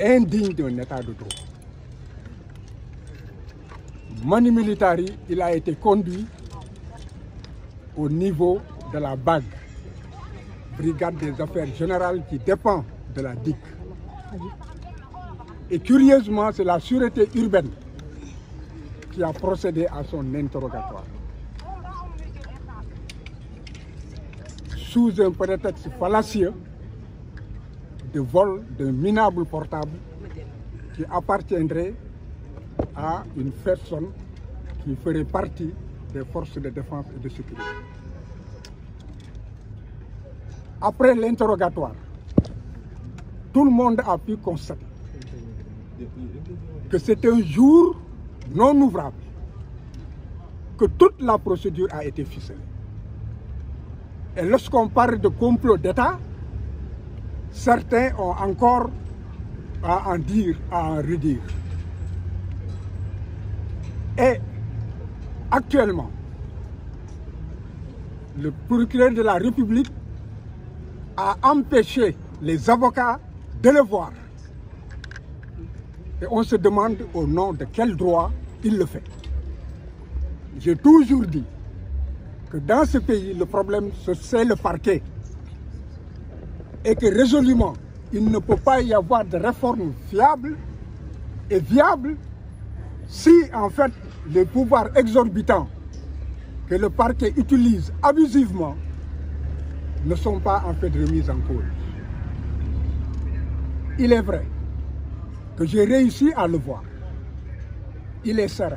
indigne d'un état de droit. Money Militari, il a été conduit au niveau de la BAG, Brigade des Affaires Générales qui dépend de la DIC. Et curieusement, c'est la sûreté urbaine qui a procédé à son interrogatoire. Sous un prétexte fallacieux, de vol d'un minable portable qui appartiendrait à une personne qui ferait partie des forces de défense et de sécurité. Après l'interrogatoire, tout le monde a pu constater que c'est un jour non ouvrable, que toute la procédure a été ficelée. Et lorsqu'on parle de complot d'État, certains ont encore à en dire, à en redire. Et actuellement, le procureur de la République a empêché les avocats de le voir. Et on se demande au nom de quel droit il le fait. J'ai toujours dit que dans ce pays, le problème, c'est le parquet et que résolument, il ne peut pas y avoir de réforme fiable et viable si en fait les pouvoirs exorbitants que le parquet utilise abusivement ne sont pas en fait remis en cause. Il est vrai que j'ai réussi à le voir. Il est serein.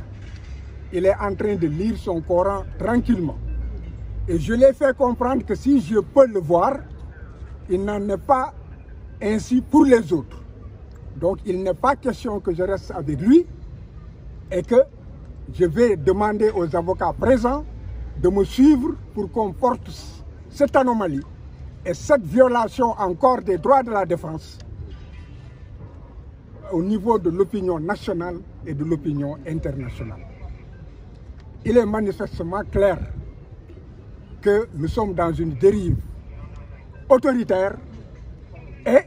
Il est en train de lire son Coran tranquillement. Et je l'ai fait comprendre que si je peux le voir, il n'en est pas ainsi pour les autres. Donc il n'est pas question que je reste avec lui et que je vais demander aux avocats présents de me suivre pour qu'on porte cette anomalie et cette violation encore des droits de la défense au niveau de l'opinion nationale et de l'opinion internationale. Il est manifestement clair que nous sommes dans une dérive autoritaire et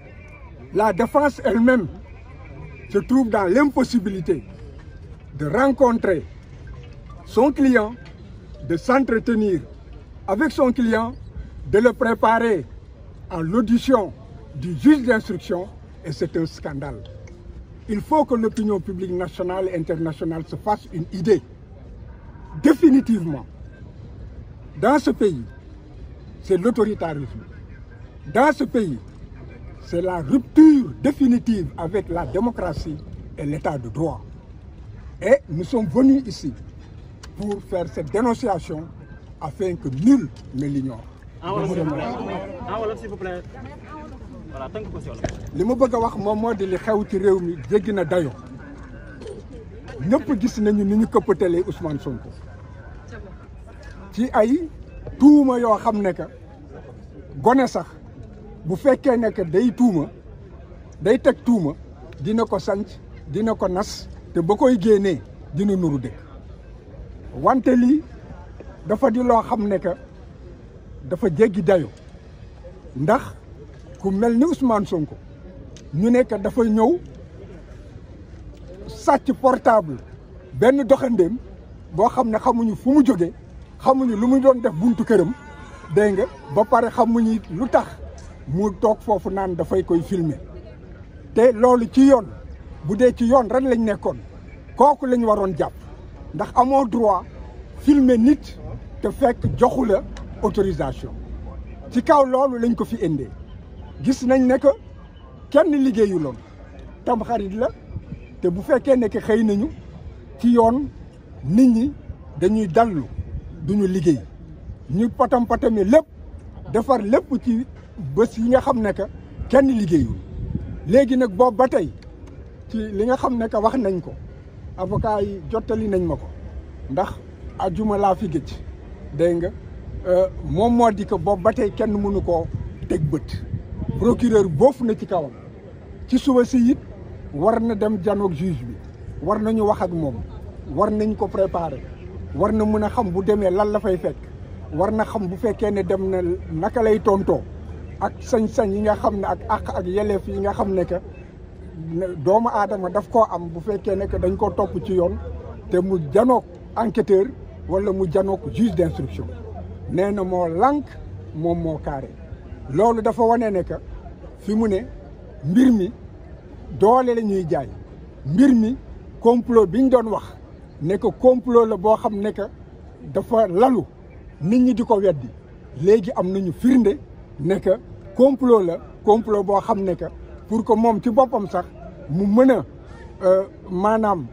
la défense elle-même se trouve dans l'impossibilité de rencontrer son client, de s'entretenir avec son client, de le préparer à l'audition du juge d'instruction et c'est un scandale. Il faut que l'opinion publique nationale et internationale se fasse une idée. Définitivement, dans ce pays, c'est l'autoritarisme dans ce pays, c'est la rupture définitive avec la démocratie et l'état de droit. Et nous sommes venus ici pour faire cette dénonciation afin que nul ne l'ignore. li ma bëgg a wax moom moo di li xew ci réew mi jéggi na dayo ñëpp gis nañu ni ñu këppatalee Ousmane Sonko ci ay a yoo xam ne que gone sax bu fekkee nekk day tuuma day teg tuuma dina ko sanc dina ko nas te ba koy génnee dina nuru de wante lii dafa di loo xam ne que dafa jéggi dayo ndax ku mel ni Ousmane Sonko ñu ne que dafa ñëw sàcc portable benn doxandéem boo xam ne xamuñu fu mu jógee xamuñu lu mu doon def buntu këram dégg nga ba pare xamuñu lu tax. mu toog foofu naan dafay koy filmer te loolu ci yoon bu dee ci yoon ren lañ nekkoon kooku lañ waroon japp ndax amo droit filmer nit te fekk joxula autorisation ci kaw loolu lañ ko fi indee gis nañ ne que kenn ligéyu loon tam xarit la te bu féké ne que xëy nañu ci yoon nit ñi dañuy dalu duñu ligéy ñu patam patame lépp defar lépp ci bés yi nga xam ne que kenn liggéeyul léegi nag boobu ba tey ci li nga xam ne que wax nañ ko avocat yi jottali nañ ma ko ndax ajuma laa fi gëj dégg nga euh, moom moo di que boobu ba tey kenn mënu koo teg bët procureur boofu na ci kawam ci suba si it war na dem janoog juge bi war nañu wax ak moom war nañ ko préparer war na mën a xam bu demee lan la fay fekk war na xam bu fekkee ne dem na naka lay tontoo ak sañ-sañ yi nga xam ne ak àq ak yelleef yi nga xam ne que doomu aadama daf koo am bu fekkee ne que dañ ko topp ci yoon te mu janook enquêteur wala mu janook juge d'instruction nee na moo lànk moom moo carré loolu dafa wane ne que fi mu ne mbir mi doole la ñuy jaay mbir mi complot biñ doon wax ne ko complot la boo xam ne que dafa lalu nit ñi di ko weddi léegi am nañu firnde ne que complot la complot boo xam ne que pour que moom ci boppam sax mu mën a euh, maanaam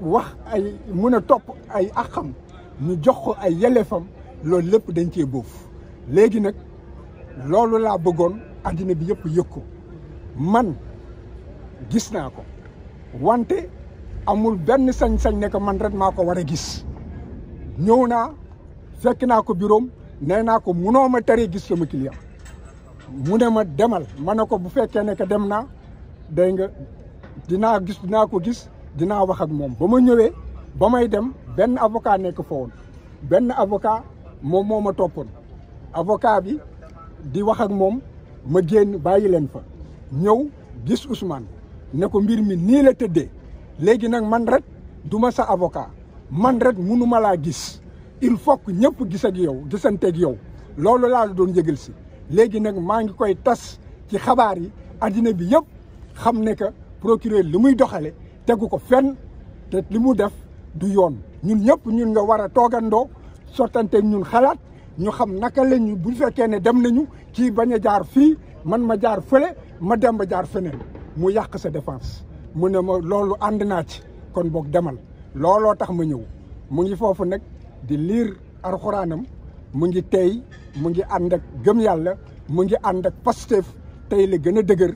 wax ay mën a topp ay axam ñu jox ko ay yelleefam loolu lépp dañ cee boof léegi nag loolu la bëggoon addina bi yëpp yëg ko man gis naa ko wante amul benn sañ-sañ ne man rek maa ko war a gis ñëw naa fekk naa ko bureau nee naa ko munoo ma taree gis sama client mu ne ma demal ma ne ko bu fekkee ne que dem naa day nga dinaa gis dinaa ko gis dinaa wax ak moom ba ma ñëwee ba may dem benn avocat nekk fa benn avocat moom moo ma toppoon avocat bi di wax ak moom ma génn bàyyi leen fa ñëw gis Ousmane ne ko mbir mi nii la tëddee léegi nag man rek du ma sa avocat man rek munu ma laa gis il faut que ñëpp gis ak yow ak yow loolu laa la doon yëgal si léegi nag maa ngi koy tas ci xabaar yi adina bi yëpp xam ne que procureur li muy doxale tegu ko fenn te li mu def du yoon ñun ñëpp ñun nga war a toogandoo sottanteeg ñun xalaat ñu xam naka la ñu bu fekkee ne dem nañu kii bañ a jaar fii man ma jaar fële ma dem ba jaar feneen mu yàq sa défense mu ne ma loolu ànd naa ci kon boog demal looloo tax ma ñëw mu ngi foofu nag. di liir alxuraanam mu ngi tey mu ngi ànd ak gëm yàlla mu ngi ànd ak Pastef tey la gën a dëgër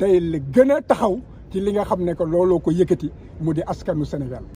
tey la gën a taxaw ci li nga xam ne que looloo ko yëkkati mu di askanu Sénégal